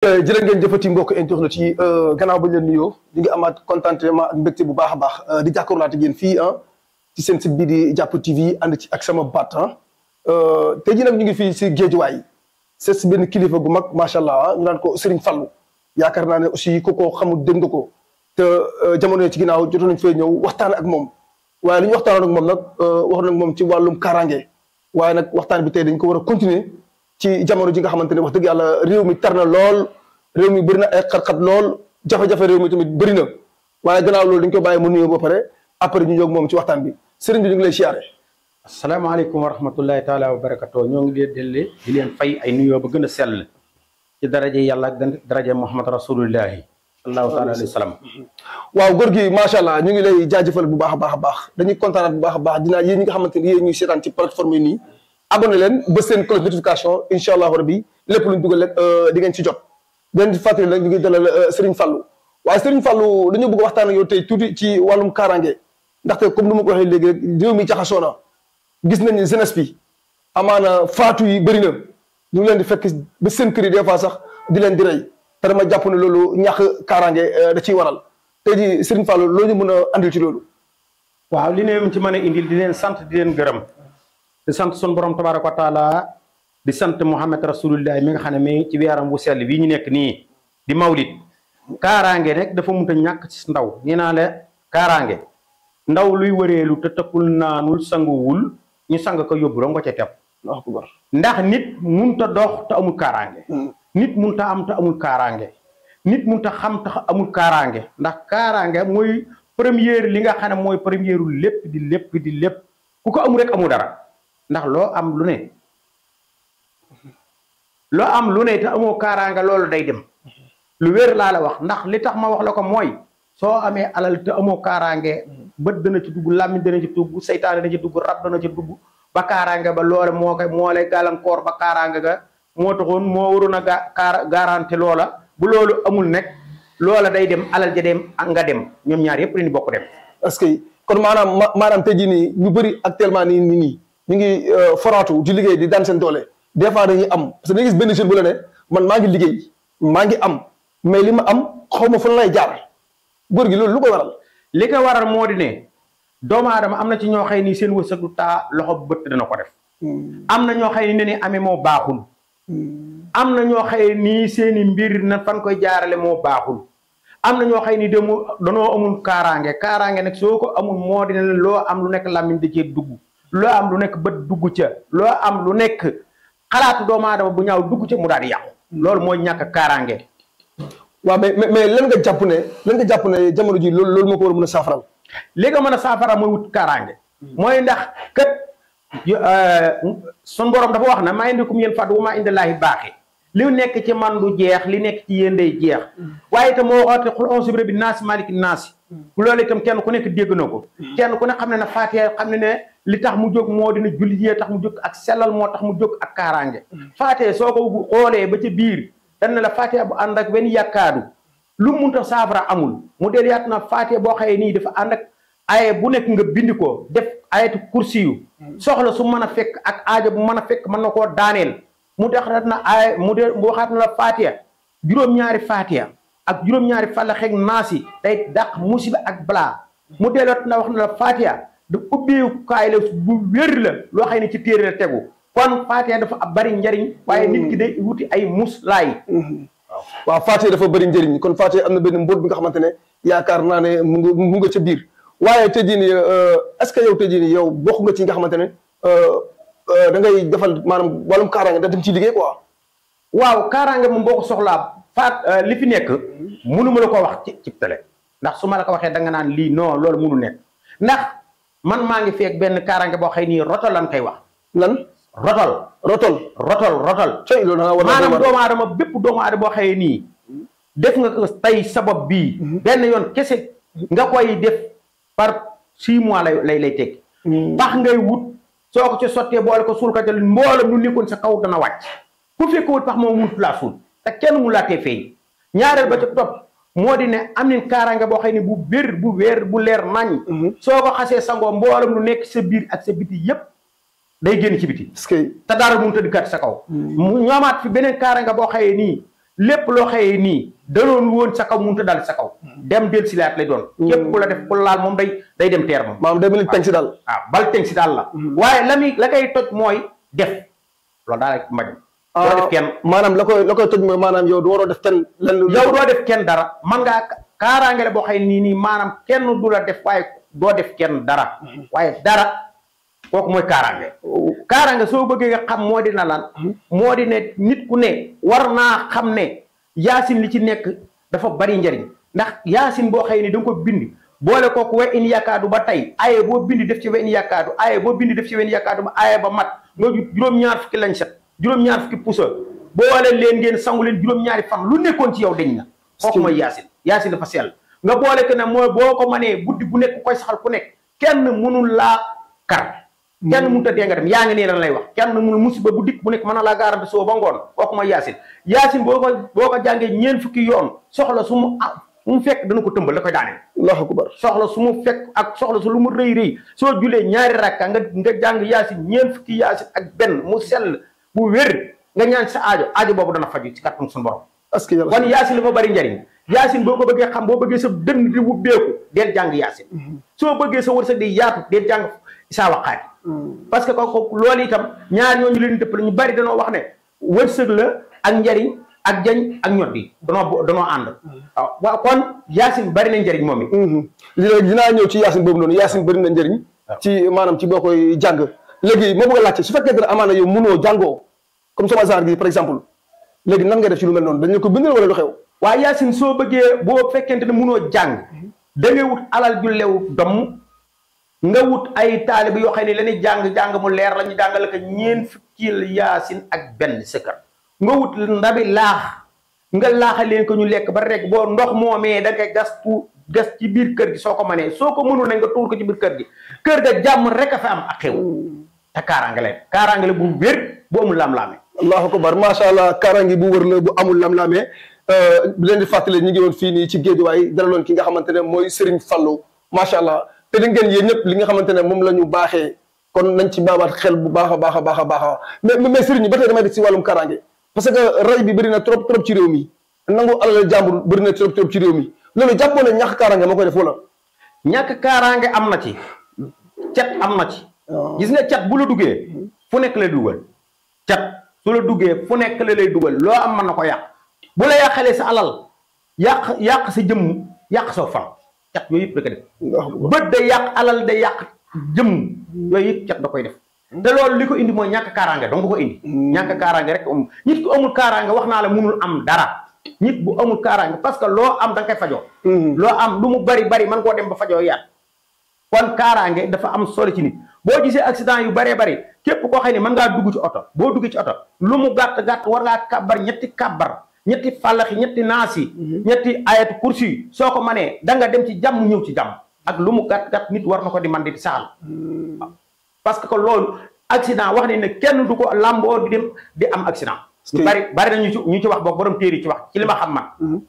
Euh, jërë ngeen jëfati mbokk internet yi euh, gannaaw bañ leen nuyoo ñu ngi amaat contentement ak mbégte bu baax a baax euh, di jàkkaarloo ak yéen fii ah ci seen site bii di jàpp TV ànd ci ak sama baat ah tey jii nag ñu ngi fi si géejuwaay seet si benn kilifa gu mag macha allah ñu naan ko Serigne Fallou yaakaar naa ne aussi ku ko xamul dégg ko te jamono ci ginnaaw jotoon nañ fee ñëw waxtaan ak moom waaye li ñu waxtaanoon ak moom nag wax nañ moom ci wàllum kaaraange waaye nag waxtaan bi tey dañ ko war a continuer. ci jamono ji nga xamante ne wax dëgg yàlla réew mi tar na lool réew mi bëri na ay xat-xat lool jafe-jafe réew mi tamit bëri na waaye gannaaw loolu dañ ko bàyyi mu nuyoo ba pare après ñu jóg moom ci waxtaan bi sëriñ bi ñu ngi lay siyaare. asalaamaaleykum wa rahmatullahi taala wa barakatoo ñoo ngi leen dellee di leen fay ay nuyoo ba gën a sell ci daraje yàlla ak daraje Muhammad rasulullahi allahu taala alayhi wa salaam waaw góor gi macha allah ñu ngi lay jaajëfal bu baax a baax a baax dañuy kontaanaat bu baax a baax dinaa yéen ñi nga xamante ci plateforme nii abonné leen ba seen cloche notification incha allah rabi lépp lu dugal rek euh, di ngeen ci jot di leen fàttali rek ñu ngi dalal euh, Serigne Fallou waaye Serigne Fallou dañoo bëgg waxtaan ak yow tey tuuti ci wàllum kaaraange ndaxte comme nu ma ko waxee léegi rek réew mi jaxasoo na gis nañu jeunesse bi amaana faatu yi bëri na ñu leen di fekk ba seen kër yi fois sax di leen di rey te dama jàpp ne loolu ñàkk kaaraange euh, da ciy waral tey jii Serigne Fallou loo ñu mën a andil ci loolu. waaw li ne ci mën a indil di leen sant di leen gërëm. di sant sun borom tabaaraka wa taala di sant Muhammad rasulullahi mi nga xam ne mi ci weeram wu sell bii ñu nekk nii di mawlid kaaraange rek dafa mun a ñàkk ci ndaw nee naa la kaaraange ndaw luy wëreelu te tëkkul naanul sangowul ñu sang ko yóbbu dong nga ca tepp ndax nit mënut a dox te amul kaaraange hmm. nit mënut a am amul kaaraange nit mënut a xam te amul karange ndax kaaraange mooy première li nga xam ne mooy première lépp di lépp di lépp ku ko amul rek amul dara ndax loo am lu ne loo am lu ne amoo kaaraanga loolu day dem lu wér laa la wax ndax li tax ma wax la ko mooy soo amee alal te amoo kaaraange bët dana ci dugg làmmiñ dana ci dugg seytaane dana ci dugg rab dana ci dugg ba kaaraange ba loole moo koy moo lay gàllankoor ba kaaraange ga moo taxoon moo waroon a gaa garanti loola bu loolu amul nekk loola day dem alal ja dem nga dem ñoom ñaar yëpp dañu bokk dem. parce que kon maanaam maanaam tey jii ñu bëri actuellement nii nii. ñu ngi euh, foraatu di liggéey di daan seen doole des fois dañuy am parce que dañuy gis benn jeune bu la ne man maa ngi liggéey maa ngi am mais li ma am xaw ma fan lay jaar góor gi loolu lu ko waral. li ko waral moo di ne doomu aadama am na ci ñoo xëy ni seen wërsëg du taa loxo bët dana ko def. Hmm. am na ñoo xëy ne amee moo baaxul. Hmm. am na ñoo xëy nii mbir na fan koy jaarale moo baaxul am na ñoo xëy ni demu danoo amul kaaraange kaaraange nag soo ko amul moo dina loo am lu nekk làmmiñ da cee dugg. loo am lu nekk bët dugg ca loo am lu nekk xalaat doomu aadama bu ñaaw dugg ca mu daal di yàqu loolu mooy ñàkk kaaraange. waaw mais mais lan jàpp ne lan jàpp ne jamono ji loolu loolu moo ko war a mën li nga mën a saafara mooy wut kaaraange mooy ndax kat euh, sun borom dafa wax na maa indikum yéen fàddu wa maa indallaahi baaxi li nekk ci man du jeex li nekk ci yéen day jeex waaye itam moo waxate xul on sibre bi naasi maaliki naasi loolu itam kenn ku nekk dégg na ko hmm. kenn ku ne xam ne na faatiha xam ne ne li tax mu jóg moo dina jullit yee tax mu jóg ak sellal moo tax mu jóg ak kaaraange faate soo ko xoolee ba ca biir dana la faatee bu ànd ak wenn yàkkaadu lu mun ta saafara amul mu delluwaat na faatee boo xëyee nii dafa ànd ak bu nekk nga bind ko def ayatu kursi soxla su mën a fekk ak aajo bu mën a fekk mën na koo daaneel mu dexaat na ay mu de mu na la faatiya juróom-ñaari faatiya ak juróom-ñaari fàlla xeeg naasi day dàq musiba ak balaa mu delloot na wax na la faatiya da ubbeekukaay la bu wér la loo xam ne ci téere la tegu kon Faatiha dafa bari njariñ waaye nit ki day wuti ay muslaay waaw Faatiha dafa bari njëriñ kon Faatiha am na benn mbóot bi nga xamante ne yaakaar naa ne mu nga mu nga ca biir waaye tey jii nii euh, est-ce que yow tey jii nii yow bokk nga ci nga xamante ne euh, euh, da ngay defal maanam wàllum kaaraange da dem ci liggéey quoi. waaw kaaraange mu boo ko soxlaa faat li fi nekk mënuma la ko wax ci ci télé ndax su ma la ko waxee da nga naan lii non loolu mënu nekk man maa ngi feeg benn kaaraange boo xëy nii rotol lan koy wax. lan rotol. rotol rotol rotol. tey loolu da maanaam doomu aadama bépp doomu aadama boo xëy nii. def nga ko tey sabab bii. Mhm. benn yoon kese nga koy def par six mois lay lay lay teg. Mhm. tax ngay wut soo ko ci sottee boole ko suul ko ca mboolam lu nekkoon sa kaw dana wàcc. ku fekkewut pax moom wut laa suul te kenn mu laatee feeñ ñaareel ba ca topp. moo di ne am nañ kaaraange boo xam ne bu bér bu wéer bu leer nañ mhm. soo ko xasee sangoo mboolam lu nekk sa biir ak sa biti yëpp day génn ci biti parce te dara mun tëdd kat sa kaw mhm. mu ñoomaat fi beneen kaaraange boo xëyee nii lépp loo xëyee nii danoon woon sa kaw munta dal sa kaw mhm. dem del si laat lay doon képp ku la def ku laal moom day day dem teer moom maanaam day mel ni teg si daal waaw ah, bal teg si daal la waaye la muy la kay toj mooy def loolu daal la mbaj doo euh, def kenn maanaam la koy la koy toj mooy maanaam yow waroo def kenn lan yow doo def kenn dara man ngaa kaaraange la boo xëy nii nii maanaam kenn du la def waaye doo def kenn dara waaye dara kooku mooy kaaraange kaaraange soo bëggee nga xam moo di na lan moo di ne nit ku ne war naa xam ne yaasin li ci nekk dafa bari njariñ ndax yaasin boo xëy ni da ko bind boole kooku we in yakaadu ba tey aye boo bind def ci we in yakaadu aye boo def ci we in yakaadu ba aye ba mat nga juróom-ñaar fukki lañ set juróom-ñaar fukki pusa boole leen ngeen sangu leen juróom-ñaari fan lu nekkoon ci yow dañ na kooku mooy yaasin yaasin dafa sell nga boole que ne mooy boo ko manee buddi bu nekk koy saxal ku nekk kenn mënul laa kar mm. kenn mënut a dee yaa ngi nii lan lay wax kenn mënul musiba bu dikk bu nekk mën na laa gaarante soo ba ngoon kooku mooy yaasin yaasin boo ko boo ko jàngee ñeen fukki yoon soxla su mu mu mu fekk dana ko tëmbal da koy daaneel allahu akbar soxla su mu fekk ak soxla su lu mu rëy rëy soo julee ñaari rakka nga nga jàng yaasin ñeen fukki yaasin ak benn mu sell bu wér nga ñaan sa aajo aajo boobu dana faju ci kàttan suñu borom est-ce que wan yaasin dafa bari njariñ yaasin boo ko bëggee xam boo bëggee mm-hmm. soo bëggee sa wërsëg di yaatu del jàng saa waxaat mm-hmm. que kooku loolu itam ñaar ñooñu leen dëpp la ñu bari danoo wax ne wërsëg la ak njariñ ak jañ ak ñoddi danoo danoo ànd waaw mm-hmm. ah, waaw kon yaasin bari na njariñ moom it léegi dinaa ñëw ci yaasin boobu noonu yaasin bari na njariñ ah. ci maanaam ci boo koy léegi moo bëgg a laajte su fekkee ne amaana yow mënoo jàngoo comme sama genre gi par exemple léegi nan ngay def ci lu mel noonu dañ la ko bindal wala lu xew waaye Yacine soo bëggee boo fekkente ne mënoo jàng da alal ju lew domm nga wut ay taalibe yoo xam ne la ñuy jàng mu leer la ñu jàngale ko ñeen fukkil Yacine ak benn sëkkër nga wut ndabi laax nga laaxa leen ko ñu lekk ba rek boo ndox moomee da ngay gas tu gas ci biir kër gi soo ko manee soo ko mënul nañ nga tuur ko ci biir kër gi kër ga jàmm rek a fa am ak xew te kaaraange leen kaaraange bu wér bu amul lam-laame. allahu akbar macha allah kaaraange bu wër la bu amul lam-laame euh, bi leen di fàttali ñu ngi woon fii nii ci géejuwaay dalaloon ki nga xamante ne mooy Serigne Fallou macha allah te di ngeen yéen ñëpp li nga xamante ne moom la ñu baaxee kon nañ ci baabaat xel bu baax a baax a baax a baax mais mais Serigne ba tey damay def si wàllum kaaraange parce que rey bi bëri na trop trop ci réew mi nangu alal jàmbur bëri na trop trop ci réew mi loolu jàppoo ne ñàkk kaaraange moo koy def wala. ñàkk kaaraange am na ci cet am na ci. Oh. gis nga cat bu la duggee fu nekk lay dugal cat su la duggee fu nekk la lay dugal loo am man na ko yàq bu la yàqalee sa alal yàq yàq sa jëmm yàq soo fan cat yooyu yëpp da ko bët day yàq alal day yàq jëmm yooyu yëpp cat da koy def te loolu li ko indi mooy ñàkk kaaraange donc ko indi ñàkk kaaraange rek am amul kaaraange wax naa la mënul am dara nit bu amul parce que loo am da nga koy fajoo mm-hmm. loo am lu mu bari bari man koo dem ba fajoo yaat kon kaaraange dafa am solo ci nit bo gisé accident yu bari bari képp ko xéni man nga dugg ci auto bo dugg ci auto lu mu gatt gàtt war nga kabar ñetti kabar ñetti fàllaxi ñetti nasi mhm. ñetti ayatu kursi soko mané Dangga da nga dem ci jam ñew ci jam ak lu mu gatt nit war nako di man di sal hmm. parce que lool accident wax ni ne kenn du ko lambo di dem di am accident ñu bari bari na ñu ci wax bok borom téere ci wax ci lima xam man hmm.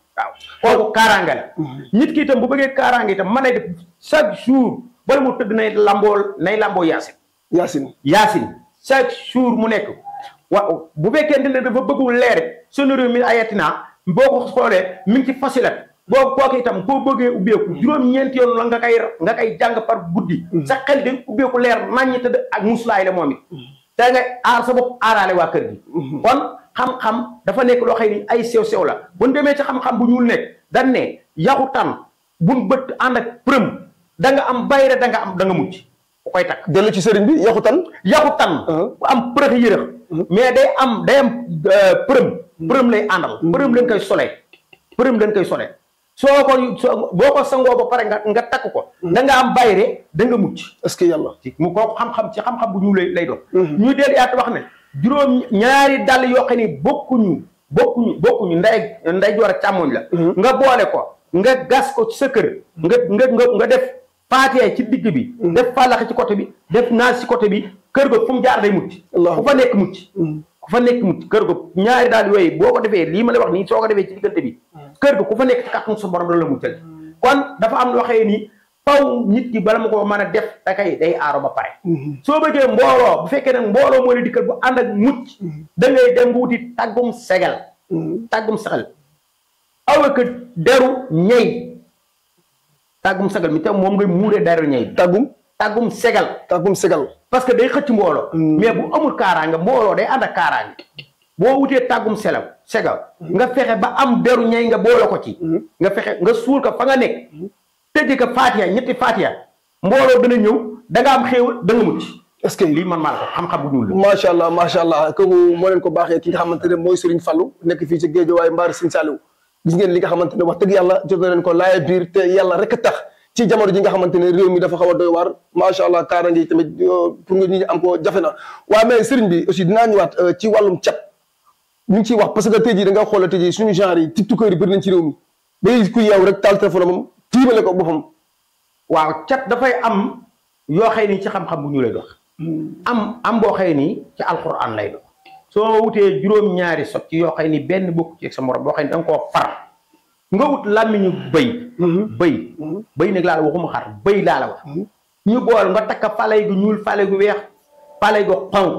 waaw ko kaaraange hmm. nit ki tam bu bëggé kaaraange tam mané def chaque jour bala mu tëdd nay lamboo nay lamboo yaasin yaasin yaasin chaque jour mu nekk wa bu fekkente ne dafa bëggu leer sunu réew mi ayatina boo ko xoolee mi ngi ci fasilat boo kooku itam boo bëggee ubbeeku juróom-ñeenti yoon la nga koy nga koy jàng par guddi mm. sa xel de ubbeeku leer naññi tëdd ak musulaay la moom it mm. te nga aar sa bopp aaraale waa kër gi mm-hmm. kon xam-xam dafa nekk loo xëy ni ay sew-sew la bu ñu demee ci xam-xam bu ñuul nekk dañ ne yaxu tan buñ bët ànd ak përëm da nga am bayre da nga am da nga mucc ku koy tak del ci serigne bi yaxu tan yaxu tan uh-huh. am prex yere uh-huh. mais day am day am uh, përëm uh-huh. përëm lay andal përëm lañ koy solé përëm lañ koy solé soko boko sango ba pare nga nga tak ko da nga am bayre da nga mucc est ce yalla mu ko xam xam ci xam xam bu ñu lay lay do ñu del yaat wax ne juroom ñaari dal yo xani ñu bokku ñu nday nday jor chamoon la nga boole ko nga gas ko ci sa kër nga nga nga def faatee ci digg bi mm. def fàllaxe ci côté bi def naas ci côté bi kër ga fu mu jaar day mucc ku fa nekk mucc mm. ku fa nekk mucc kër ga ñaari daal yooyu boo ko defee lii ma lay wax nii soo ko defee ci diggante bi mm. kër ku fa nekk ci kàttanu su borom dana la muccal kon dafa am loo xëye nii faw nit ki bala ma ko mën a def dakay day aaro ba pare -hmm. soo ba bëggee mbooloo bu fekkee nag mbooloo moo la dikkal bu ànd ak mucc -hmm. da ngay dem nga wuti tàggum segal -hmm. tàggum segal aw ak deru ñey tagum segal mi mom ngay mouré dara ñay tagum tagum segal tagum segal parce que day xëc mbolo mm. mais bu amul karanga mbolo day and karang. karanga bo wuté tagum selam segal nga fexé ba am deru ñay nga bolo ko ci mm. nga fexé nga sul ko fa nga nek mm. tejj ka fatiha ñetti fatiha mbolo dina ñew da nga am xewul da nga mucc est ce li man mal ko xam xam bu ñu ma sha Allah ma sha Allah ko mo len ko baxé ki xamantene moy serigne fallu nek fi ci way mbar serigne gis ngeen li nga xamante ne wax dëgg yàlla jot na leen ko laaya biir te yàlla rek a tax ci jamono ji nga xamante ne réew mi dafa xaw a doy waar macha allah kaaraange yi tamit pour nga ñu am ko jafe na waaye mais sëriñ bi aussi dinaa ñëwaat euh, ci wàllum cat ñu ngi ciy wax parce que tey jii da nga xoolal tey jii suñu genre yi tiktokeur yi bëri nañ ci réew mi ku yeew rek taal téléphone moom tiimale ko boppam. waaw cat dafay am yoo xëy ni ci xam-xam bu ñu lay dox. Hmm. am am boo xëy ni ci alquran lay soo wutee juróom-ñaari socc yoo xam ni benn bokk ci sa morom boo xam ni da koo far nga wut làmmiñu bëy mm-hmm. bëy mm-hmm. bëy nag laa la waxuma xar bëy laa wax mm-hmm. ñu bool nga takk falay gu ñuul falay gu weex falay gu xonq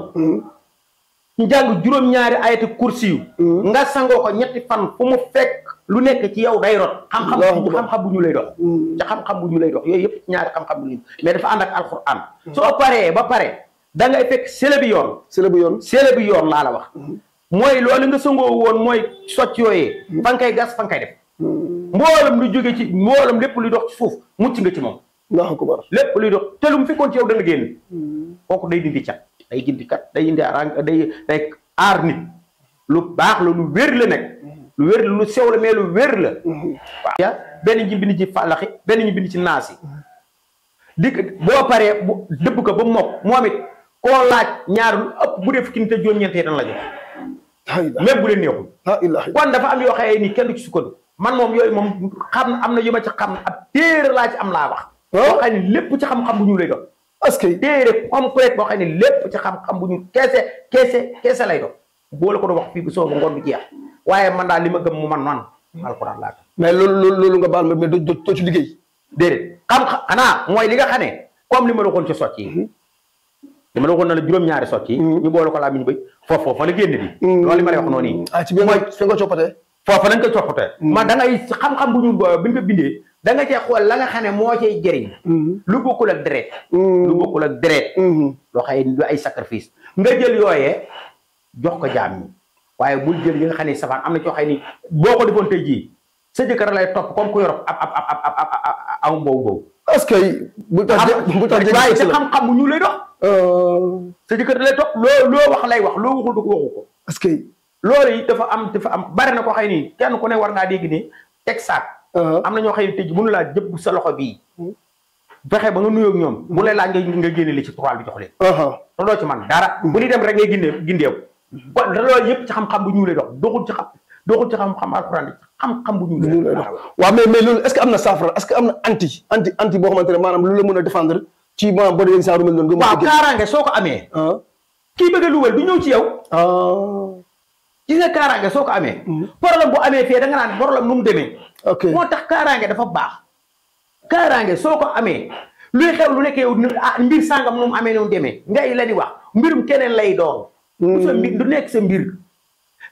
ñu jàng juróom-ñaari ayati kursi yu nga sangoo ko ñetti fan fu mu fekk lu nekk ci yow day rot xam-xam xam-xam bu ñu lay dox ca xam-xam bu ñu lay dox yooyu yëpp ñaari xam-xam bu ñu mais dafa ànd ak alxuraan soo paree ba pare da ngay fekk sele bi yoon. sele bi yoon sele bi yoon laa la wax. Mm-hmm. mooy loolu nga sëngoo woon mooy sotti yooyee. Mm-hmm. fa kay gas fa nga koy def. Mm-hmm. mboolam lu jóge ci mboolam lépp luy dox ci suuf mucc nga ci moom. ndax ku lépp luy dox te lu mu fekkoon ci yow dana génn. kooku day dindi cat day gindi kat day indi arang day day aar nit lu baax la lu wér la nekk. lu wér la lu sew la mais lu wér la. waaw benn ñi bind ci fàllaxi benn ñi bind ci naasi. dikk boo paree bu dëbb ko ba mokk moom it. ko laaj ñaar lu ëpp bu dee fukki nit ak juróom-ñeent yi dañ la jox. même bu leen neexul. kon dafa am yoo xëyee ni kenn du ci sukkandiku man moom yooyu moom xam am na yu ma ci xam ab téere laa ci am laa wax. Ah? boo xam ne lépp ci xam-xam bu ñu lay doon. parce que téere complète boo xam ne lépp ci xam-xam bu ñu keese keese keese lay doon. boole ko doon wax fii bu soo ba ngoon du jeex waaye man daal li ma gëm mu man man alxuraan laa gëm. mais loolu loolu nga baal ma mais doo ci liggéey. déedéet xam xanaa mooy li nga xam comme li ma waxoon ci dama la waxoon na la juróom-ñaari sotti. ñu boole ko làmmiñ bëy foofu foofu la génn di. loolu li ma lay wax noonu yi. ah ci mooy fi nga coppatee. foofu lañ ko coppatee. da ngay xam-xam bu ñu bi ñu bindee. danga nga cee la nga xam ne moo cay jëriñ. lu bokkul ak deret. lu bokkul ak loo xay ay sacrifice. nga jël yooyee jox ko jaam ñi waaye bul jël yi nga xam ne safaan am na coo xay ni boo ko defoon tey jii sa jëkkër lay topp comme ku yor ab ab ab ab ab am boobu boobu. est-ce que bu tax bu tax xam-xam bu ñu lay Euh, sa jëkkër lay topp loo loo wax lay wax loo waxul du ko waxu ko. parce que loolu it dafa am dafa am bari na ko xëy kenn ku ne war ngaa dégg ni teg saak. Uh-huh. am na ñoo xëy ni laa jëpp sa loxo bii. Hmm. fexe ba nga nuyoog ñoom bu hmm. lay laaj li ci toile jox leen. Uh-huh. te doo hmm. dem rek ngay gindee gindeew. kon loolu yëpp ci xam-xam ñu lay dox doxul ci xam doxul ci xam-xam alxuraan xam-xam bu am na saafara est-ce que am na anti anti boo xamante maanaam lu la mën a défendre. ci ma boo saa rumel noonu. nga waaw kaaraange soo ko amee. Ah. kii bëgg a luwal du ñëw ci yow. Ah. gis nga kaaraange soo ko amee. Mm. problème bu amee fee da nga naan problème la mu demee. ok moo tax kaaraange dafa baax. kaaraange soo ko amee luy xew lu nekk yow ah, mbir sàngam nu amee nu demee ngay la di wax mbirum keneen lay doon. Mm. du sa nekk sa mbir.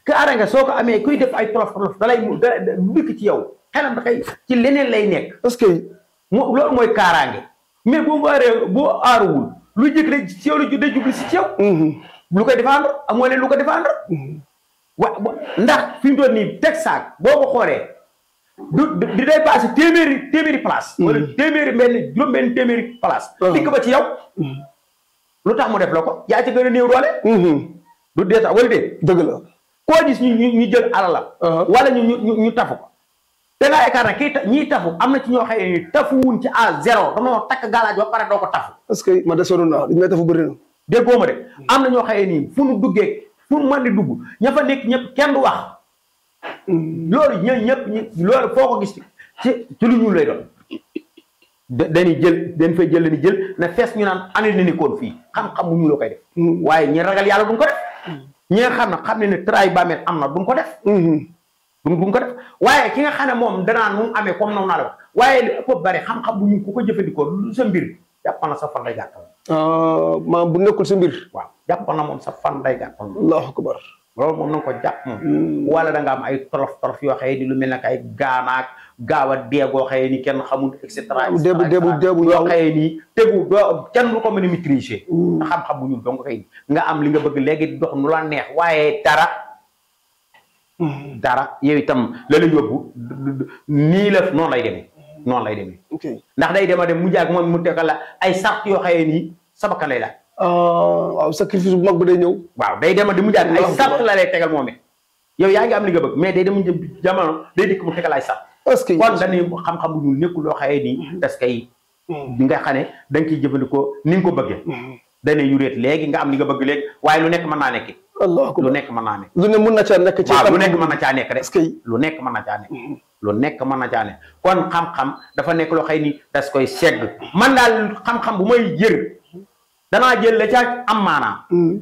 kaaraange soo ko amee kuy def ay tolof tolof dalay mu dikk ci yow xelam ci leneen lay nekk. est que. loolu mooy kaaraange. mais boo mu aaree boo aaruwul lu jëkk de ci yow la day jublu si ci yow. Mhm. lu koy défendre amoo leen lu ko défendre. Mhm. wa ndax fi mu toll nii Texas boo ko xoolee du di day passé téeméeri téeméeri place. Mhm. wala téeméeri mel juróom-benn téeméeri place. dikk ba ci yow. lu tax mu def la ko yaa ci gën a néew doole. du dee sax wala dee. dëgg la koo gis ñu ñu jël alalam. Uh-huh. wala ñu ñu ñu tafu ko. danga yaakaar ne kii ñiy tafu am na ci ñoo xëy ni tafuwuñ ci à zéro dama wax takk galaaj ba pare doo ko tafu. parce que man de sonn naa li ñu may tafu bëri na. déggoo de am na ñoo xëy nii fu nu duggee fu nu di dugg ña fa nekk ñëpp kenn du wax loolu ñooñu ñëpp ko gis ci ci lu ñu lay doon. dañuy jël dañ fay jël dañuy jël na fees ñu naan annulé nañu koon fii xam-xam bu ñu la koy mm. waaye ñi ragal yàlla duñ ko def. Mm. ñi nga xam ne xam ne ne traay bàmmeel am na duñ ko def. Mm-hmm. duñ duñ ko def waaye ki nga xam ne moom danaan mu amee comme noonu la waaye li ëpp bari xam-xam bu ñu ku ko jëfandikoo lu sa mbir jàpp na sa fan day gàttal. Ah, bu nekkul sa mbir. waaw jàpp na moom sa fan day gàttal. allahu na ko jàpp hmm. wala da am ay torof torof yoo xëy ni lu mel na ay gaanaak gaaw a deegoo xëy kenn xamul et cetera. deebu deebu deebu yoo xëy ni tegu kenn du ko mën a maîtriser. Hmm. xam-xam bu ñu dong xëy nga am li nga bëgg léegi dox nu la neex waaye dara. dara yow itam la la yóbbu nii la noonu lay demee noonu lay demee. ndax day dema dem mu jaag moom mu tegal la ay sart yoo xëyee nii sabakan lay laaj. Ah, mu jaag ay sart la lay tegal moom it yow yaa ngi am li nga bëgg mais day dem jamono day dikk mu tegal ay sart. est-ce que kon dañuy xam-xam bu ñu parce que yi mm-hmm. ne da nga ciy jëfandikoo ni nga ko bëggee. Mm-hmm. dañuy yuréet léegi nga am li nga bëgg léegi waaye lu nekk mën naa nekk. lu nekk ma naa nekk. lu ne mën na nekk ci. lu nekk mën na caa nekk lu nekk mën na caa nekk. lu nekk mën na caa nekk kon xam-xam dafa nekk loo xëy ni das koy segg man daal xam-xam bu may jër danaa jël la caa am maanaam. Mm.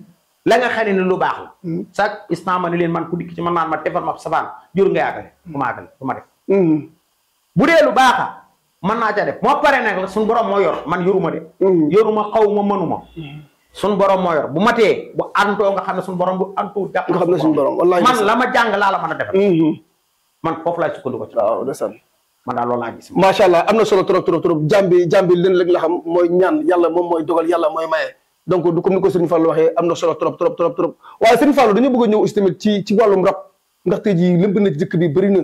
la nga xam ne lu baax la. Mm. chaque instant ma ne leen man ku dikk ci man naan ma defar ma safaan jur nga yaakale bu ma yaakale mm. bu dee lu baax mën naa caa def moo pare nag suñu borom moo yor man yoruma de. yoruma xaw ma mënuma. suñu borom moo yor bu matee bu antoo nga xam ne suñu borom bu antoo dàq nga xam ne suñu borom wallaahi man la ma jàng laa la mën a defal mm-hmm. man foofu laay sukkandiku ci waaw ndeysaan man laa macha allah am na solo trop trop trop jàmbi jàmbi leen rek la xam mooy ñaan yàlla moom mooy dogal yàlla mooy maye donc du comme ni ko Serigne Fallou waxee am na solo trop trop trop trop waaye Serigne Fallou dañu bëgg a ñëw aussi tamit ci ci wàllum rab ndax tey jii jëkk bi bëri na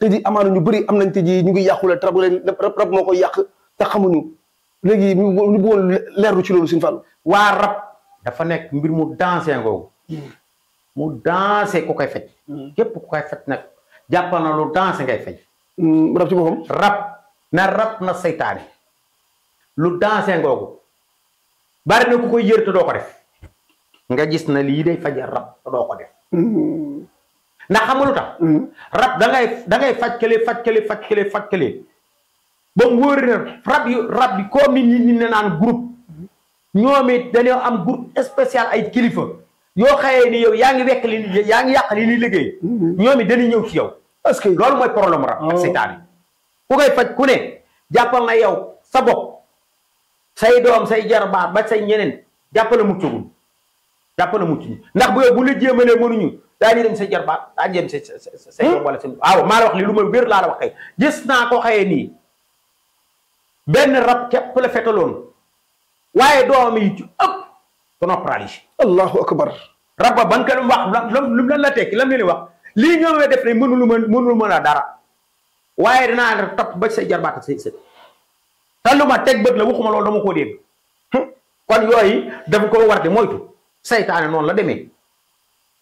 tey jii ñu bëri am nañ tey ñu ngi yàqule trabu leen rab moo koy yàq te ñu léegi ñu bëggoon leerlu ci loolu suñu fàllu waa rab dafa nekk mbir mu dansé ngoogu hmm. mu dansé ku koy faj hmm. képp ku koy faj nag jàppal na lu dansé ngay faj hmm, rab na rab lu dansé bari na ku koy yër te doo ko def nga gis na lii day faj rab te doo ko ndax xam tax rab da ngay da kële faj kële faj kële ba mu na ne rab yu rab yi ko nit ñi na naan groupe ñoom it dañoo am groupe spécial ay kilifa yoo xëyee ni yow yaa ngi wekk li ni yaa ngi yàq li ni liggéey mm-hmm. ñoom it dañuy ñëw ci yow parce que loolu mooy problème rab ak oh. seytaane ku koy faj ku ne jàppal na yow sa bopp say doom say jarbaat ba say ñeneen jàppale muccagul na mucc ñi ndax bu yow bu la jéemalee mënuñu daañu dem sa jarbaat daañu dem sa sa sa wala sa waaw maa la li lu may wér laa la waxee gis naa ko xëyee nii ben rab kep la fetalon waye doomi yi ci ëpp danoo pralish allahu akbar. rabba ban ka wax lu lan la tek lan ni wax lii ñoom def ne mënul mën mënul mëna dara waye dina la topp ba sey jarbat say sey te lu tek beug la waxuma lol dama ko deg kon yoy dafa ko war de moytu saytaane non la deme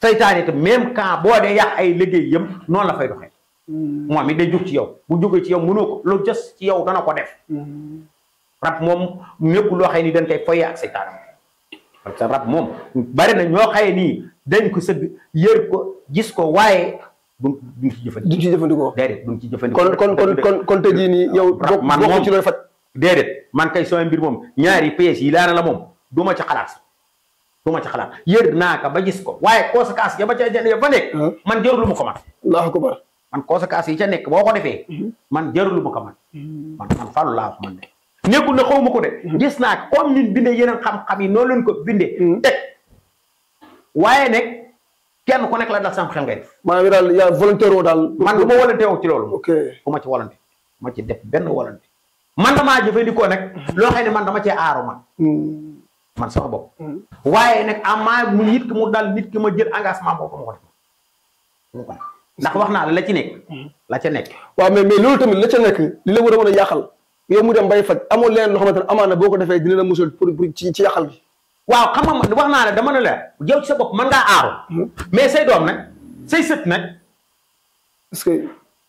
saytaane te même quand bo de yah ay liggéey yëm non la fay doxee. Mm. moom it de jug ci yow bu jógee ci yow mënoo ko lu jës ci yow dana ko def. Mm. rab moom ñëpp loo xëy ni dañ koy foyee ak seytaane parce moom bari na ñoo xëy nii dañ ko sëgg yër ko gis ko waaye duñ duñ ci jëfandikoo. duñ ci jëfandikoo déedéet duñ ci jëfandikoo. kon kon kon kon tey jii nii yow. rab man moom ci looy faj. déedéet man kay sama mbir moom ñaari pees yi laana la moom du ma ci xalaat. du ma ci xalaat yër naa ko ba gis ko waaye conséquence ya ba ca ja ba nekk. Ah. man jarul lu mu ko mat. man conséquences yi ca nekk boo ko defee. Mhm. man lu ma ko man. Mhm. man man fàllu laa ko man de. nekkul ne xaw ma ko de. Mhm. gis naa comme ñun bindee yeneen xam-xam yi noonu leen ko bindee. teg waaye nag kenn ku nekk la dal sam xel ngay def. maanaam daal yaa volontaire woo daal. man du ma volontaire woo ci loolu. ok bu ma ci volonté ma ci def benn volonté. man damaa jëfandikoo nag. loo man dama cee aaru man. man sama bopp. waaye nag amaa mu nit ki mu dal nit ki ma jël engagement boobu ma ko ndax wax naa la la ci nekk. la ca nekk. waaw mais mais loolu tamit la ca nekk li la war a mën a yàqal yow mu dem bay faj amoo leneen loo xamante ne amaana boo ko defee dina la musal pour pour ci ci yàqal bi. waaw xam nga wax naa la dama ne la yow ci sa bopp mën ngaa aaru. mais say doom nag say sët nag. est-ce que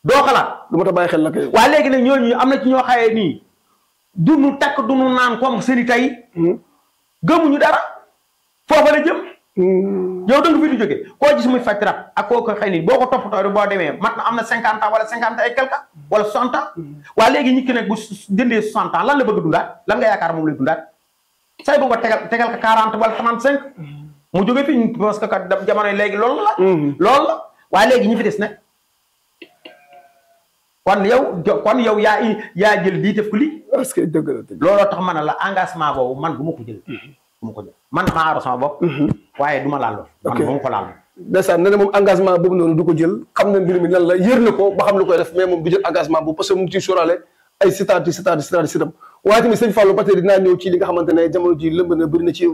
doo xalaat. lu ma ta bàyyi xel la kay. waaw léegi nag ñooñu am na ci ñoo xayee nii du nu takk du nu naan comme seen i tey. gëmuñu dara foofa la jëm. yow da nga fi di jógee koo gis muy faj rab ak koo ko xëy ni boo ko toppatoo rek boo demee mat na am na cinquante ans wala cinquante et quelque wala soixante ans mm-hmm. waaye léegi nit ki nag lan la bëgg a dundaat lan nga yaakaar moom lay dundaat say bu nga tegal tegal ko quarante wala trente cinq mm-hmm. mu jóge fi parce que kat jamono léegi lool la mm-hmm. loolu la waa léegi ñi fi des nag kon yow kon yow yaa yaa jël lii def ko lii. est-ce tax ma ne la engagement boobu man bu ma ko jël man maa aaru sama bopp. Mhm. waaye du ma laal man moom ko laal. ndeysaan nee na moom engagement boobu noonu du ko jël xam na mbir mi lan la yër na ko ba xam lu koy def mais moom du jël engagement boobu parce que mu ngi ciy sóoraale ay sitaati sitaati sitaati sitam waaye tamit sëñ Fallou ba tey dinaa ñëw ci li nga xamante ne jamono ji lëmb na bëri na ci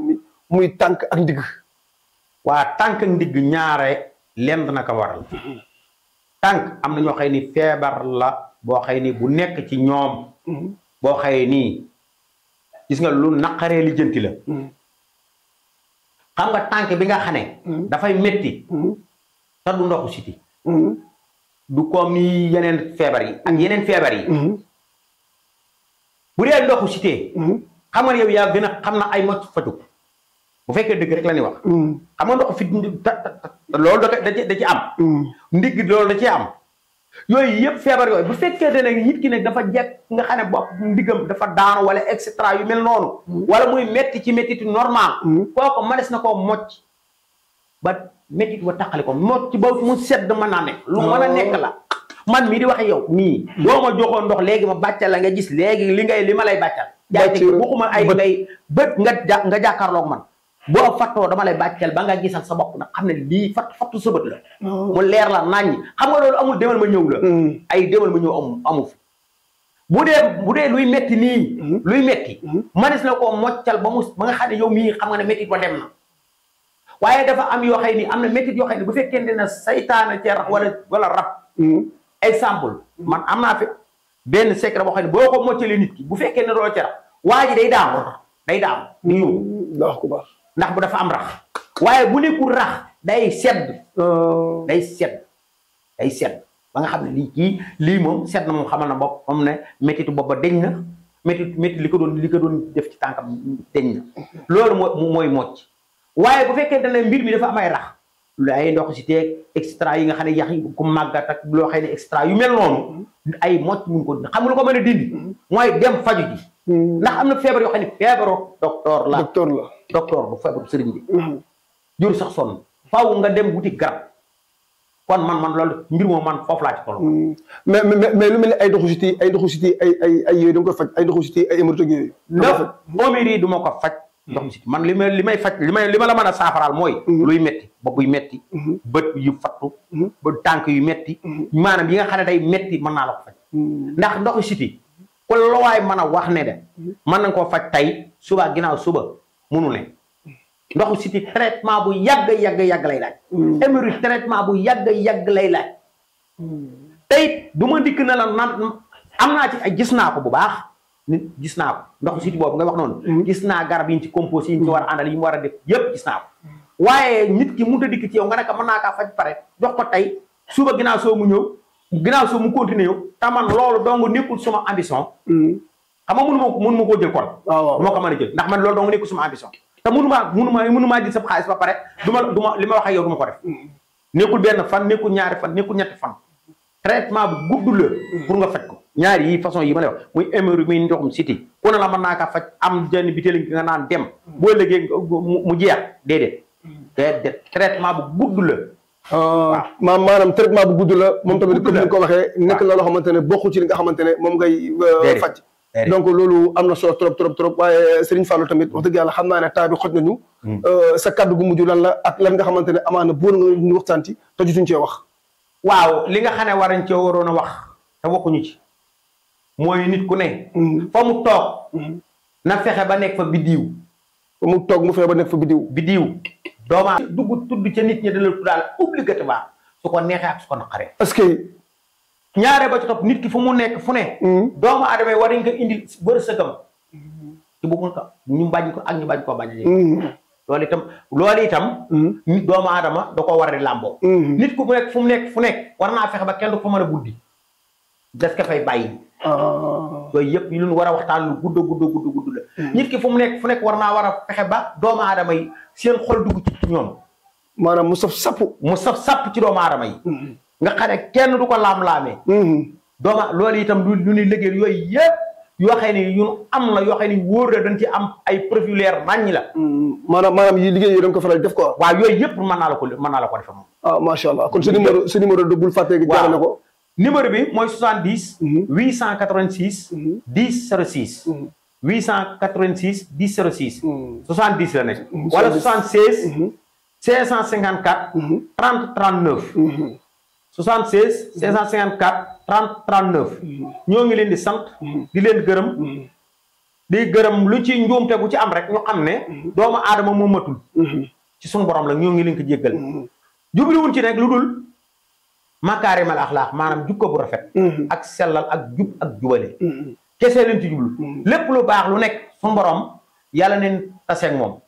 muy tànk ak ndigg. waa tànk ndigg ñaare lenn na ko waral. Mhm. tànk am na ñoo xëy ni feebar la boo xay ni bu nekk ci ñoom. Mhm. boo xëy ni gis nga lu naqaree lijjanti la. xam nga tànk bi nga xane hmm. dafay métti hmm. te du ndoxu siti hmm. du yeneen feebar yi ak yeneen feebar yi bu dee ndoxu sitee xam nga yow yaa gën a xam na ay mot fajug bu fekkee dëgg rek la ñuy wax xam nga ndoxu fit loolu da da ci am ndigg loolu da ci am yooyu yëpp feebar yooyu bu fekkente ne nit ki nag dafa jekk nga xam ne bopp ndiggam dafa daanu wala et yu mel noonu. Mm. wala muy metti ci méttitu normal. Mm. kooku mënees na koo mocc ba méttit wa taqali ko mocc ba mu sedd ma naa ne lu mën a oh. nekk la. man mii di wax yow mii. boo ma joxoon ndox léegi ma bàccal la nga gis léegi li ngay li ma lay bàccal. jaay bu waxuma ay ngay bët nga ja nga jàkkaarloog man. boo fattoo dama lay bàcceel ba nga gisal sa bopp nag xam ne lii fatt fattu sa bët la oh. mu leer la naññ xam nga loolu amul demal ma ñëw la hmm. ay demal ma ñëw amu amu fi bu dee bu dee luy metti nii hmm. luy metti hmm. manis la koo moccal ba mu ba nga xam ne yow mii xam nga ne méttit ba dem na waaye dafa am yoo xëy ni am na méttit yoo xëy ni bu fekkente ne saytaana cee rax wala wala rab exemple man am naa fi benn secret boo xam ne boo ko moccalee bu fekkee ne doo ci rab day daaw day daaw di ndax bu dafa am rax waye bu nekul rax day sedd oh. day sedd day sedd ba nga xamne li ki li mom sedd na xamal na bop moom ne méttitu bopp ba deñ na métti métti liko don liko don def ci tankam deñ na lolu moy moy mocc waaye bu fekkente dana mbir mi dafa am ay rax lu ay ndox ci teeg extra yi nga xamne yax yi ku màggat ak lo xamne extra yu mel non ay mocc mun ko xam lu ko meuna dindi moy mm-hmm. dem faju ji Hmm. ndax am na feebar yoo xam ne feebaru docteur la docteur la docteur bu feebaru sëriñ bi hmm. jur sax sonn faaw nga dem wuti garab kon man man loolu mbir moom man foofu laa ci toll hmm. mais mais mel ne ay doxusiti ay doxusiti ay ay ay ko faj ay doxusiti ay hémorroïdes du ma ko faj doxusiti man li ma li may faj li may li ma la mën a saafaraal mooy luy metti bopp yu metti bët yu fattu ba tànk yu metti maanaam yi nga xam ne day metti mën naa la faj ndax ndoxu siti kon la waay mën a wax ne de mhm. mën nañ koo faj tey suba ginnaaw suba munu ne ndoxu siti traitement bu yàgg yàgg yàgg lay laaj mhm. émeri traitement bu yàgg yàgg lay laaj mhm. tey du ma dikk na la nan am naa ci a gis naa ko bu baax nit gis naa ko ndoxu siti boobu nga wax noon gis naa garab yi ñu ci composé yi ñu ci war a àndal yi mu war a def yëpp gis naa ko waaye nit ki mu a dikk ci yow nga ne ko mën naa kaa faj pare jox ko tey suba ginaa soo mu ñëw ginnaaw su mu continuer yow te man loolu dong nekkul suma ambition. Mm. xam nga mënu ma mënu ma koo jël kon. Ah, waaw moo ko mën a jël ndax man loolu dong nekkul suma ambition. te mënu maa mënu maa mënu maa jël sa xaalis ba pare du ma du ma li ma ma ko def. Mm. nekkul benn fan nekkul ñaari fan nekkul ñetti fan. traitement bu gudd la. Mm. pour nga faj ko ñaari yi façon yi ma lay wax muy éméru muy ndoxum siti ku ne man naa kaa faj am jenn bitéel nga naan dem. boo lëgee mu jeex déedéet. déedéet traitement bu gudd la. Euh, maam maanaam traitement bu gudd la moom tamit comme ni ko waxee nekk la loo xamante ne bokku ci li nga xamante ne moom ngay euh, faj donc loolu am na solo trop trop trop waaye euh, sëriñ Fallou tamit wax dëgg yàlla xam naa ne temps bi xoj nañu hmm. sa kàddu gu mujj lan la ak lan nga xamante ne amaana boor nga ñu waxtaan ci te jotuñ cee wax waaw li nga xam ne warañ cee waroon a wax te waxuñu ci mooy nit ku ne hmm. fa mu toog hmm. na fexe ba nekk fa biddiw fa mu toog mu fexe ba nekk fa biddiw biddiw doomaa dugg tudd ca nit ñi da la tuddaal obligatoirement su ko neexee ak su ko naqaree. est que. ñaaree ba ci nit ki fu mu nekk fu ne. Hmm. doomu aadama yi war nañu ko indi wërsëgam. ci bu ko ñu bañ ko ak ñu bañ koo bañ a hmm. loolu itam loolu itam. Hmm. nit doomu aadama da koo war a di làmboo. nit ku nekk fu mu nekk fu nekk war naa fexe ba kenn du ko mën a buddi. des ko fay bàyyi. Oh. yooyu yëpp ñu war a waxtaan lu gudd gudd gudd gudd la. Hmm. nit ki fu mu nekk fu nekk war naa war a fexe ba doomu aadama yi seen xol dugg ci ñoom. maanaam mu saf sapp. mu saf sapp ci doomu aadama hmm. nga xam ne kenn du ko laam-laamee. Hmm. dooma loolu yi lu lu ñuy liggéey yooyu yëpp yoo xam ne ñun am na yoo xam ne wóor la dañ ci am ay profil leer naññ la. maanaam maanaam yi liggéey yi dañ ko faral def quoi. waaw yooyu yëpp mën naa la ko mën naa la ko defee moom. ah macha allah kon sa numéro numéro bi mooy 70. 886. 10 06. 886 10 06. 70 la nekk. Mmh. Mmh. wala 76. 554. 30 39. 76 554 30 39. ñoo ngi leen di sant. Mmh. di leen gërëm. di gërëm lu ci njuumte gu ci am rek ñu am ne. doomu aadama moo matul. ci sunu borom la ñoo ngi leen ko ci rek lu dul. makaarimal axlaaq maanaam jukko bu rafet ak sellal ak jub ak jubale kese leen ci jublu lépp lu baax lu nekk su mborom yàlla neen taseeg moom